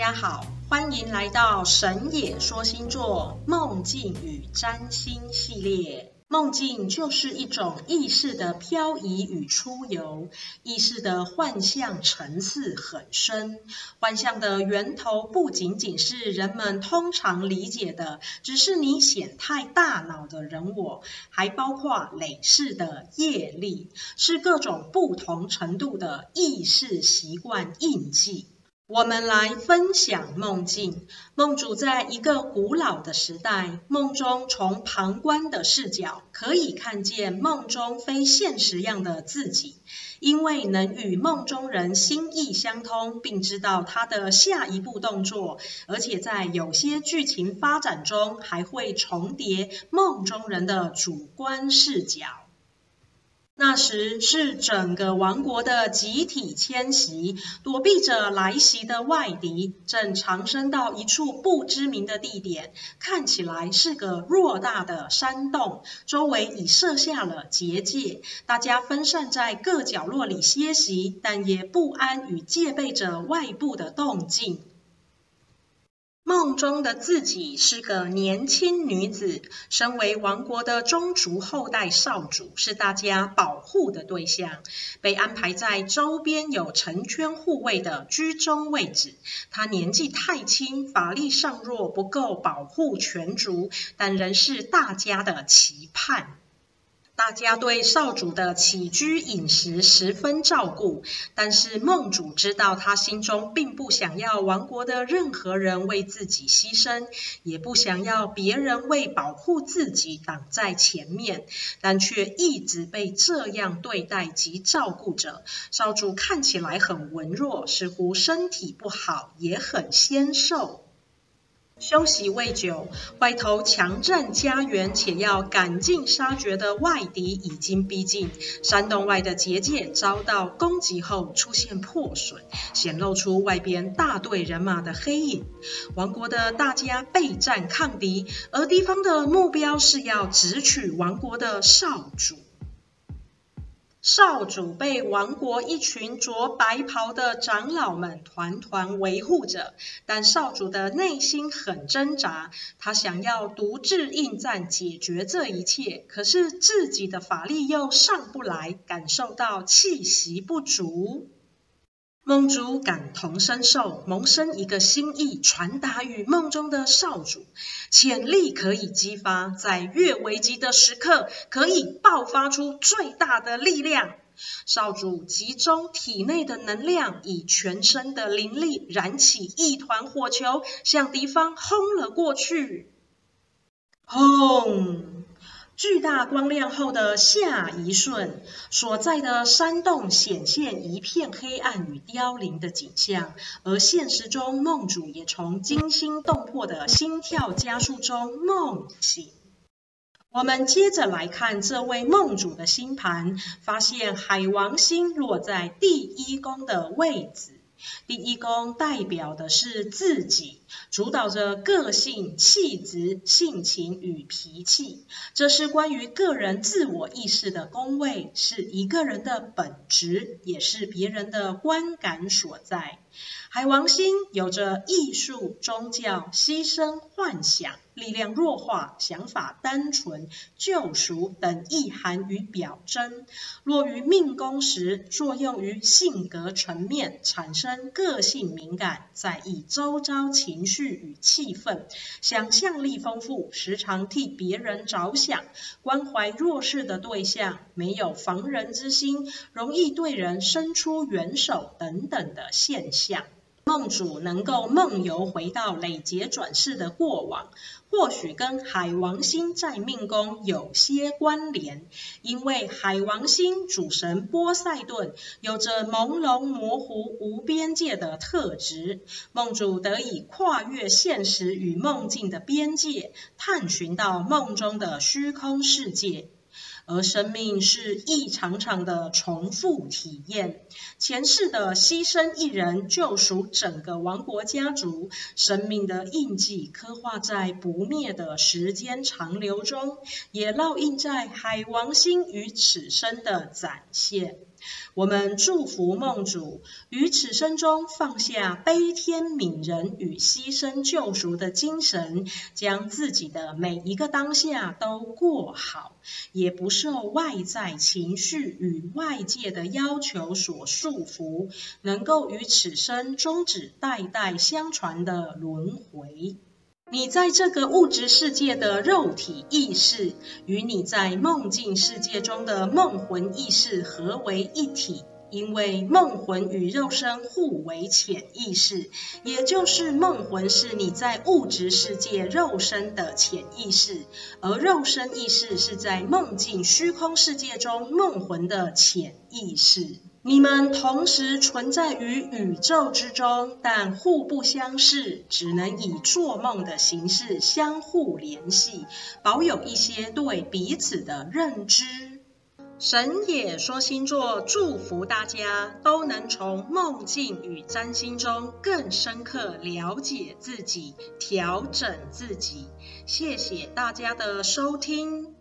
大家好，歡迎來到神野說星座、夢境與占星系列。夢境就是一種意識的飄移與出遊，意識的幻象層次很深，幻象的源頭不僅僅是人們通常理解的，只是你顯態大腦的人我，還包括累世的業力，是各種不同程度的意識習慣印記。我們來分享夢境。夢主在一個古老的時代，夢中從旁觀的視角可以看見夢中非現實樣的自己，因為能與夢中人心意相通，並知道他的下一步動作，而且在有些劇情發展中還會重疊夢中人的主觀視角。那時是整個王國的集體遷徙，躲避着來襲的外敵，正藏身到一處不知名的地點。看起來是個偌大的山洞，周圍已設下了結界。大家分散在各角落裡歇息，但也不安與戒備着外部的動靜。夢中的自己是個年輕女子，身為王國的宗族後代少主，是大家保護的對象，被安排在周邊有成圈護衛的居中位置。她年紀太輕，法力尚弱，不夠保護全族，但仍是大家的期盼。大家對少主的起居飲食十分照顧，但是夢主知道他心中並不想要王國的任何人為自己犧牲，也不想要別人為保護自己擋在前面，但卻一直被這樣對待及照顧着。少主看起來很文弱，似乎身體不好，也很纖瘦。休息未久，外頭強佔家園且要趕盡殺絕的外敵已經逼近。山洞外的結界遭到攻擊後出現破損，顯露出外邊大隊人馬的黑影。王國的大家備戰抗敵，而敵方的目標是要直取王國的少主。少主被王國一群着白袍的長老們團團圍護着，但少主的內心很掙扎。他想要獨自應戰解決這一切，可是自己的法力又上不來，感受到氣息不足。夢主感同身受，萌生一個心意，傳達於夢中的少主。潛力可以激發，在越危急的時刻，可以爆發出最大的力量。少主集中體內的能量，以全身的靈力燃起一團火球，向敵方轟了過去。轟！巨大光亮後的下一瞬，所在的山洞顯現一片黑暗與凋零的景象，而現實中夢主也從驚心動魄的心跳加速中夢醒。我們接着來看這位夢主的星盤，發現海王星落在第一宮的位置。第一宮代表的是自己，主導着個性、氣質、性情與脾氣。這是關於個人自我意識的宮位，是一個人的本質，也是別人的觀感所在。海王星有着藝術、宗教、犧牲、幻想，力量弱化、想法單純、救贖等意涵與表徵，落於命宮時，作用於性格層面，產生個性敏感、在意周遭情緒與氣氛、想象力豐富、時常替別人着想、關懷弱勢的對象、沒有防人之心、容易對人伸出援手等等的現象。夢主能夠夢遊回到累劫轉世的過往，或許跟海王星在命宮有些關聯，因為海王星主神波塞頓有着朦朧模糊、無邊界的特質，夢主得以跨越現實與夢境的邊界，探尋到夢中的虛空世界。而生命是一場場的重複體驗，前世的犧牲一人救贖整個王國家族，生命的印記刻畫在不滅的時間長流中，也烙印在海王星與此生的展現。我們祝福夢主於此生中放下悲天憫人與犧牲救贖的精神，將自己的每一個當下都過好，也不受外在情緒與外界的要求所束縛，能夠於此生終止代代相傳的輪回。你在這個物質世界的肉體意識，與你在夢境世界中的夢魂意識合為一體，因為夢魂與肉身互為潛意識，也就是夢魂是你在物質世界肉身的潛意識，而肉身意識是在夢境虛空世界中夢魂的潛意識。你們同時存在於宇宙之中，但互不相識，只能以做夢的形式相互聯繫，保有一些對彼此的認知。神野說星座，祝福大家都能從夢境與占星中更深刻了解自己，調整自己。謝謝大家的收聽。